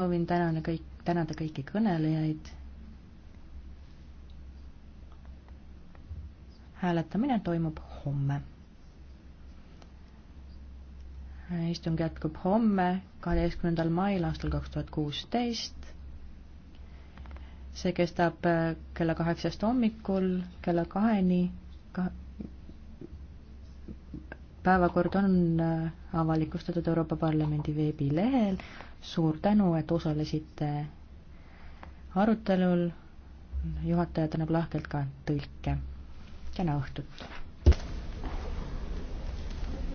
soovin tänane kõik, tänada kõiki kõnelejaid. hääletamine toimub homme. istung jätkub homme, kaheteistkümnendal mail aastal kaks tuhat kuusteist. see kestab äh, kella kaheksast hommikul kella kaheni ka päevakord on äh, avalikustatud Euroopa Parlamendi veebilehel. suur tänu, et osalesite arutelul. juhataja tänab lahkelt ka tõlke. kena õhtut!